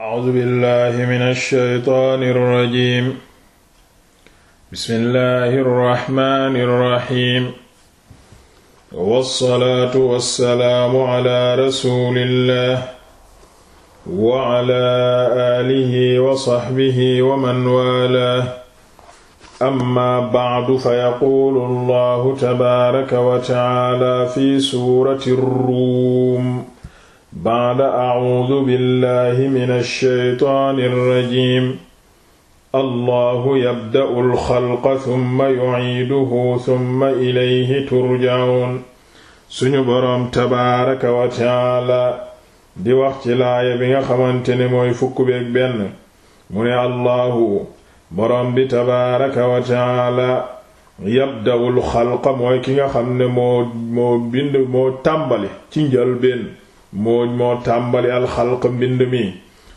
A'uuzu billaahi mina shaytaani rajiim. Bismillaahi rahmaani rahiim. Wassalaatu wassalaamu ala rasuulillaah wa ala aalihi wa sahbihi wa man waalaah. Amma ba'du fayaquulu Allaahu tabaaraka wa ta'aalaa fi suurati Ruum. baada acuudu billahi min alsheytaani alrajim allahu yabda'u alxalqa summa yuciiduhu summa ilayhi turjacuun suñu boroom wa tacaala di wax ci laaya bi nga xamante ne mooy fukk beeg benn mu ne allahu boroom bi wa tacaala yabda'u alxalqa mooy ki nga xam ne moo moo tàmbali ci njëlbéen mooñ moo tàmbali alxalq mbind mi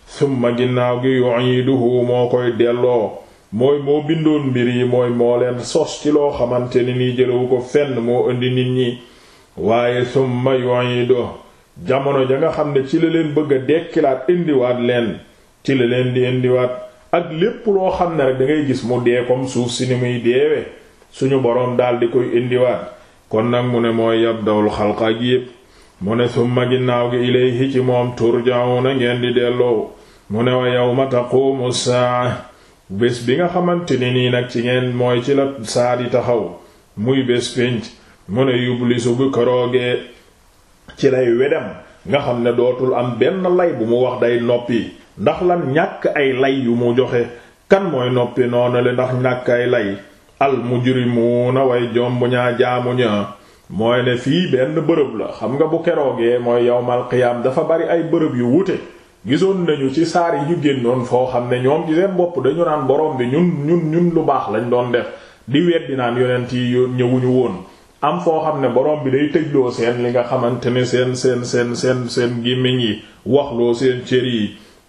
summa ginnaaw gi yu'iduhu moo koy delloo mooy moo bindoon mbir yi mooy moo leen sos ci loo xamante ni nii jëlewu ko fenn moo indi nit ñi waaye summa yu'iduhu jamono ja nga xam ne ci la leen bëgg a dekkilaat indiwaat leen ci la leen di indiwaat ak lépp loo xam ne rek da gis mu dee comme suuf si ni muy deewe suñu boroom daldi koy indiwaat kon nag mu ne mooy yabdawul xalq ak yépp mu ne summa ginnaaw gi ilayhi ci moom na ngeen di delloo mu ne wa yawma taqumu saa bés bi nga xamante ne nii nag ci ngeen mooy ci la saa di taxaw muy bés pénc mu ne yublisu bu koroogee ci lay wedem nga xam ne dootul am benn lay bu mu wax day noppi ndax lan ñàkk ay lay yu mu joxe kan mooy noppi noonu le ndax ñàkk ay lay al mujrimuuna way jomb ñaa jaamu ñaa mooy ne fii benn bërëb la xam nga bu keroogee mooy yawmal qiyaam dafa bari ay bërëb yu wuute gisoon nañu ci saar yi ñu génnoon foo xam ne ñoom ci seen bopp dañu naan borom bi ñun ñun ñun lu baax lañ doon def di weddi naan yonent yi ñëwuñu woon am foo xam ne borom bi day tëjloo seen li nga xamante ne seen seen seen seen seen gémmiñ yi waxloo seen cër yi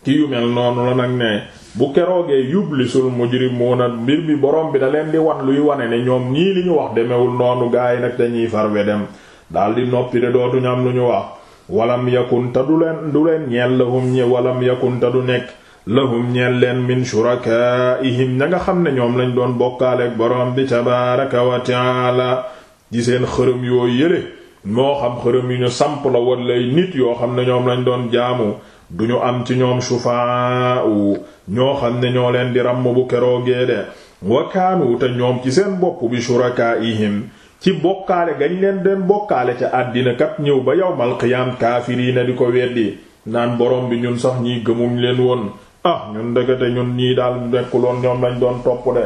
ci yu mel noonu la nag ne bu keroogee yublisul mujrimuuna mbir mi borom bi da leen di wan luy wane ne ñoom ñii li ñu wax demewul noonu gaay nag dañuy farwe dem daldi noppi de dootuñu am lu ñu wax walam yakunta du leen du leen ñeel lahum ñe walam yakunta du nekk lahum ñeel leen min shurakaa'ihim ña nga xam ne ñoom lañ doon bokkaaleek borom bi tabaaraka wa taala di seen xërëm yoo yële moo xam xërëm yu ñu samp la walla ay nit yoo xam ne ñoom lañ doon jaamu duñu am ci ñoom shufaa u ñoo xam ne ñoo leen di ràmm bu keroogee de wakaanu te ñoom ci seen bopp bi shurakaa'ihim ci bokkaale gañ leen den bokkaale ca àddina kat ñëw ba yawmal qiyaam kaafiriina di ko weddi naan borom bi ñun sax ñiy gëmuñ leen woon ah ñun ndekete ñun ñii daal nekkuloon ñoom lañ doon topp de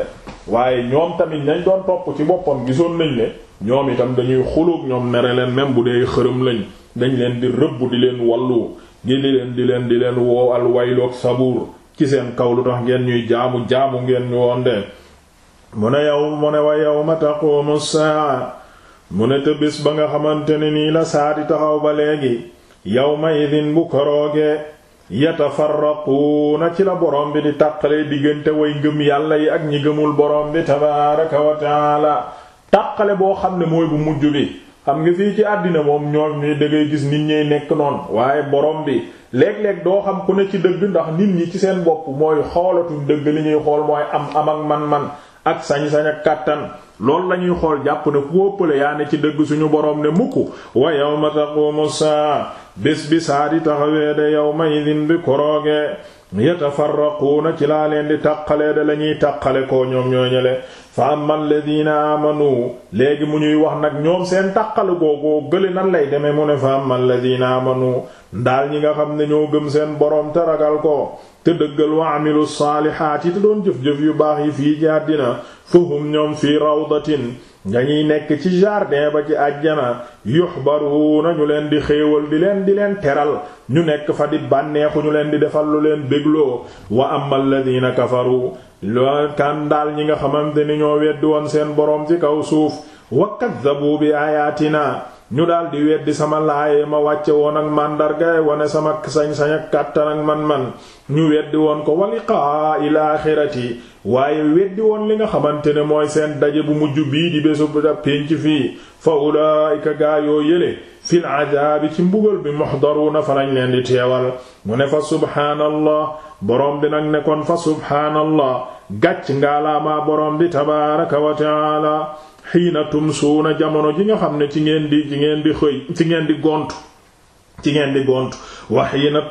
waaye ñoom tamit lañ doon topp ci boppam gisoon nañ ne ñoom itam dañuy xulóog ñoom mere leen même bu dee xërëm lañ dañ leen di rëbb di leen wallu ngi leen di leen di leen woo al wayloog sabuur ci seen kaw lu tax ngeen ñuy jaamu jaamu ngeen ñu woon mu ne yow mu ne wa yawma taqumu saa mu ne te ba nga xamante ne nii la saati taxaw ba léegi yawma idin bu koroogee yatafarraquuna ci la borom bi di tàqalee diggante way ngëm yàlla yi ak ñi gëmul borom bi tabaaraka wa taala tàqale boo xam ne mooy bu mujj bi xam nga fii ci àddina moom ñoom ni dëgg ngay gis nit ñey nekk noonu waaye borom bi léeg-léeg doo xam ku ne ci dëgg ndax nit ñi ci seen bopp mooy xoolatuñ dëgg li ñuy xool mooy am am man-man ak sañ-sañ ak kàttan loolu la xool jàpp ne ku ëppale yaa ne ci dëgg suñu borom ne mukk wa yawma taqumu saa bés bi saa di taxawee de yawma idin bi koroogee yatafarraquuna ci laa leen di tàqalee da la ñuy tàqale koo ñoom ñoo ñele fa amma alladina amanu léegi mu ñuy wax nag ñoom seen tàqale googoo gële nan lay demee mu ne fa amma alladina amanu ndaal ñi nga xam ne ñoo gëm seen borom te ragal ko te dëggal wa amilu saalihaati te doon jëf-jëf yu baax yi fii ji àddina fahum ñoom fii rawdatin dañuy nekk ci jardin ba ci àjjana yuxbaruuna ñu leen di xéewal di leen di leen teral ñu nekk fa di bànneexu ñu leen di defal lu leen bégloo wa amma alladina kafaru loo kan daal ñi nga xamante ni ñoo weddi woon seen boroom ci kaw suuf wa kaddabu bi ayatina ñu daal di weddi sama laaye ma wàcce woon ak màndargaay wane sama sañ-sañ ak man-man ñu weddi woon ko waliqaa il axirati waaye weddi won li nga xamante ne mooy seen daje bu mujj bii di bésu da pénc fii fa ulaayika gaa yoo yële fil adaabi ci mbugal bi muhdaruna fa lañ leen di teewal mu ne fa subhaanallah boroom bi nag ne kon fa subhaanallah gàcc ngaalaamaa boroom bi tabaaraka wa taala xiina tumsuuna jamono ji nga xam ne ci ngeen di ci ngeen di xëy ci ngeen di gont ci ngeen di gont wax yi na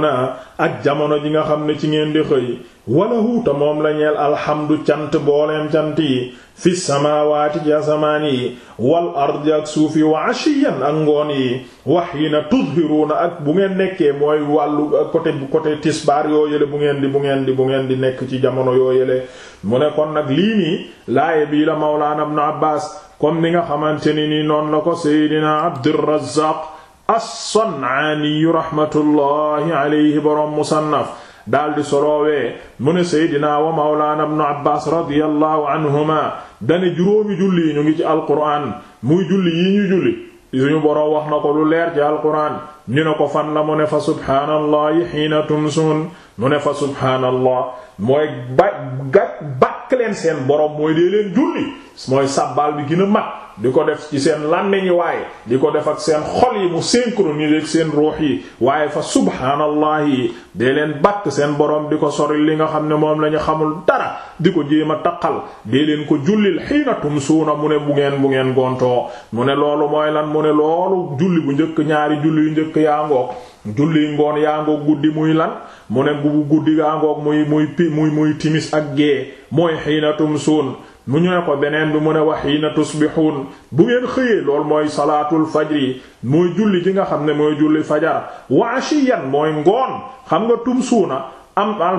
na ak jamono ji nga xam ne ci ngeen di xëy wala huuta moom la ñeel alhamdu cant booleem cant yi fi samaawaati ci asamaan yi wal ardi ak suuf yi wa ashiyan ak ngoon yi wax yi na tudhiruuna ak bu ngeen nekkee mooy wàllu côté côté tisbaar yoo yële bu ngeen di bu ngeen di bu ngeen di nekk ci jamono yoo yële mu ne kon nag lii nii laaye bii la mawlaana ibnu abbaas kon ni nga xamante ni nii noonu na ko seydina abdurrazzaq as-San'aani rahmatullahi alayhi borom musannaf daldi soloowee mu ne seydinaa wa mawlaana ibnu abbaas radiyallahu anhuma dane juróomi julli yi ñu ngi alquraan muy julli yi ñu julli suñu boroom wax na ko lu leer ci alquraan ñu ne ko fan la mu ne fa subhaanallahi hiina tumsuun mu ne fa subhaanallah mooy ba leen seen boroom mooy dee leen julli mooy sàbbaal bi gën a mat di ko def ci seen làmmiñ yi waaye di ko def ak seen xol yi mu synchronisé ak seen ruux yi waaye fa subhaanallah yi dee leen bàkk seen borom di ko sori li nga xam ne moom la ñu xamul dara di ko jéem a taqal dee leen ko jullil xiina tumsuuna mu ne bu ngeen bu ngeen gontoo mu ne loolu mooy lan mu ne loolu julli bu njëkk ñaari julli yu njëkk yaa ngoog julli ngoon yaa ngoog guddi muy lan mu ne bu guddi yaa ngoog muy muy muy muy timis ak gée mooy xiina tumsuun mu ñëwee ko beneen bi mu ne wax yi na tusbixuun bu ngeen xëyee lool mooy salaatul fajri mooy julli ji nga xam ne mooy julli fajar wa ashiyan mooy ngoon xam nga suuna am al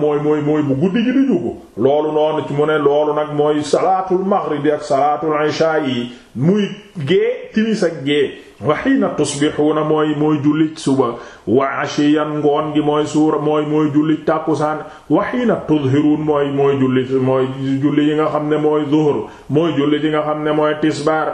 mooy mooy bu guddi gi di jugu loolu noonu ci mu ne loolu nag mooy salaatu maghrib ak salaatul isha yi muy gée timis ak gée wa xiina tusbixuuna mooy mooy julli suba wa ashiyan ngoon gi mooy suura mooy mooy julli tàkkusaan yi nga xam ne mooy zuhur mooy julli yi nga xam ne mooy tisbaar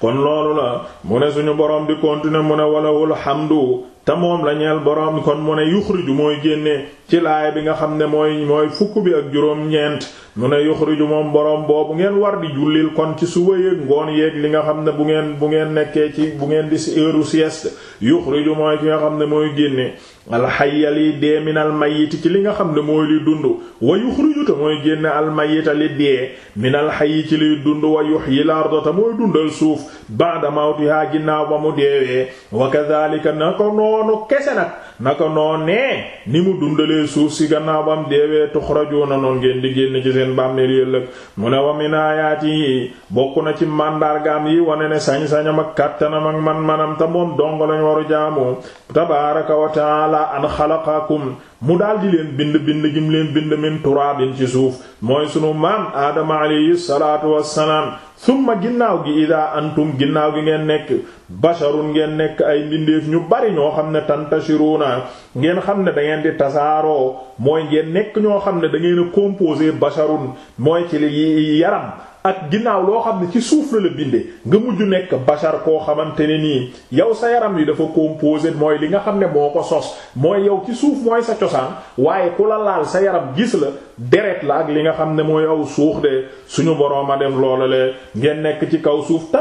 kon loolu la mu ne suñu borom di continuer mu ne walahul hamdu te moom la ñeel boroom kon mu ne yuxriju mooy génne ci laay bi nga xam ne mooy mooy fukk bi ak juróom-ñeent mu ne yuxriju moom boroom boobu ngeen war di jullil kon ci suba yéeg ngoon yéeg li nga xam ne bu ngeen bu ngeen nekkee ci bu ngeen di si heure sieste yuxriju mooy ki nga xam ne mooy génne alxayya li dee min almayiti ci li nga xam ne mooy li dund wa yuxriju te mooy génne almayita li dee min alxayyi ci liy dund wa yuxyi larda te mooy dundal suuf ba'da mawtiha ginnaaw ba mu deewee wa kadhalika nako noonu kese nag nako noonee ni mu dundal jëlee suuf si gannaaw bam deewee tuxrajuuna noon ngeen di génn ci seen bàmmeel yëllëg mu ne wa min aayaati yi bokk na ci màndargaam yi wane ne sañ-sañam ak kàttanam ak man-manam te moom dong lañ waru jaamu tabaaraka wa taala an xalaqakum mu daal di leen bind bind gim leen bind min turaabin ci suuf mooy sunu maam aadama alayhi salaatu wassalaam summa ginnaaw gi idaa antum ginnaaw gi ngeen nekk basharun ngeen nekk ay mbindeef ñu bari ñoo xam ne tantashiruna ngeen xam ne dangeen di tasaaroo mooy ngeen nekk ñoo xam ne da ngeen a composé basharun mooy ci yaram ak ginnaaw loo xam ne ci suuf la la bindee nga mujj nekk bashar koo xamante ne nii yow sa yaram wi dafa composé mooy li nga xam ne moo ko sos mooy yow ci suuf mooy sa cosaan waaye ku la laal sa yaram gis la deret la ak li nga xam ne mooy aw suux de suñu boroom a def loolale ngeen nekk ci kaw suuf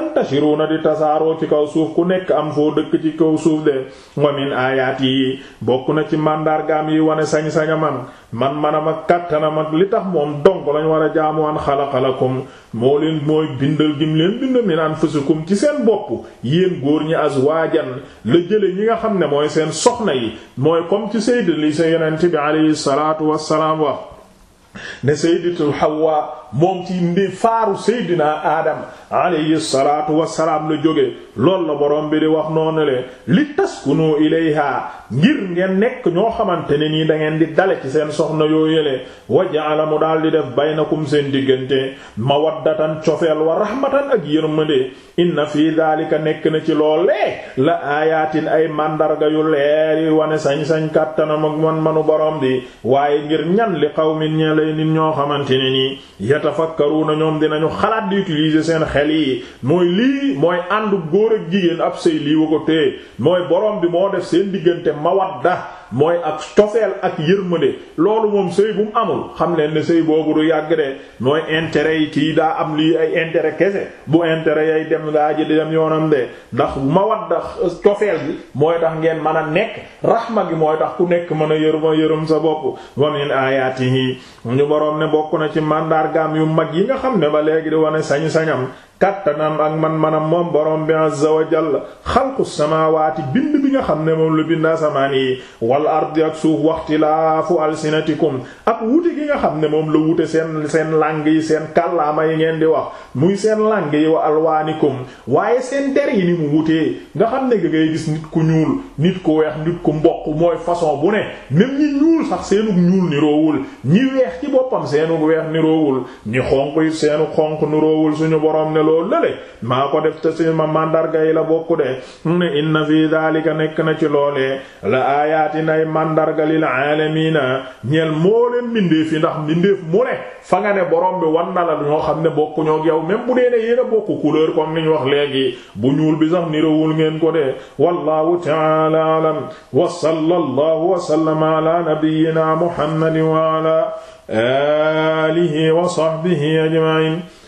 na di tasaaroo ci kaw suuf ku nekk am foo dëkk ci kaw suuf de wa min aayaat yi bokk na ci màndargaam yi wane sañ-sañamam man man manam ak kàttanam ak li tax moom donc lañu war a jaamu an xalaqalakum moo leen mooy bindal gim leen bind min anfusikum ci seen bopp yéen góor ñi azwaajan la jële ñi nga xam ne mooy seen soxna yi mooy comme ci sayda li sa yonent bi alayhi salaatu wassalaam wax ne sayyidatul xawwa moom ci ndi faaru seydina Adam alayhi salaatu wassalaam la jóge loolu la borom bi di wax noonu le li taskunu ilayha ngir ngeen nekk ñoo xamante ne nii da ngeen di dale ci seen soxna yoo yële wa ja'ala mu daal di def baynakum seen diggante mawaddatan cofeel wa rahmatan ak yërmande inna fii daalika nekk na ci loolee la aayaatin ay màndarga yu leer yi wane sañ-sañ kàttanam ak man manu borom bi waaye ngir ñan li qawmin ñale ay nit ñoo xamante ni nii yatafakkaruna nañoom dinañu xalaat di utiliser seen xel yi mooy lii mooy àndu góor ak jigéen ab sëy lii ko téye mooy boroom bi moo def seen diggante mawadda mooy ak cofeel ak yërmande loolu moom sëy bu mu amul xam leen ne sëy boobu du yàgg de mooy intérêt yi kii daa am lii ay intérêt kese bu intérêt yay dem daa ji di dem yoonam de ndax mawadda cofeel gi mooy tax ngeen mën a nekk rahma gi mooy tax ku nekk mën a yërma yërëm sa bopp wa min aayaatihi ñu boroom ne bokk na ci màndaar màndargaam yu mag yi nga xam ne ba léegi di wane sañ-sañam kàttanam ak man manam moom borom bi azza wa jalla xalqu samaawaati bind bi nga xam ne moom lu bind asamaan yi wal ardi ak suuf waxtilaafu alsinatikum ak wute gi nga xam ne moom la wute seen seen langue yi seen kàllaama yi ngeen di wax muy seen langue yi wa alwaanikum waaye seen der yi ni mu wutee nga xam ne nga ngay gis nit ku ñuul nit ku weex nit ku mboq mooy façon bu ne même ñi ñuul sax seenug ñuul niroowul ñi weex ci boppam seenug weex niroowul ñi xonq loo lële maa ko def te si ma mandarga yi la bokku de ne inna fi daalika nekk na ci loolee la aayaatin ay mandarga lil aalamiina ñeel moo leen mbindeef yi ndax mbindeef mu ne fa nga ne borom bi wan na la ñoo xam ne bokku ñoo yow même bu dee ne yéen a bokk couleur comme niñ wax léegi bu ñuul bi sax nirawul ngeen ko de wallahu ta'ala alam wa sallallahu wa sallama ala nabiyyina muhammadin wa ala alihi wa sahbihi ajma'in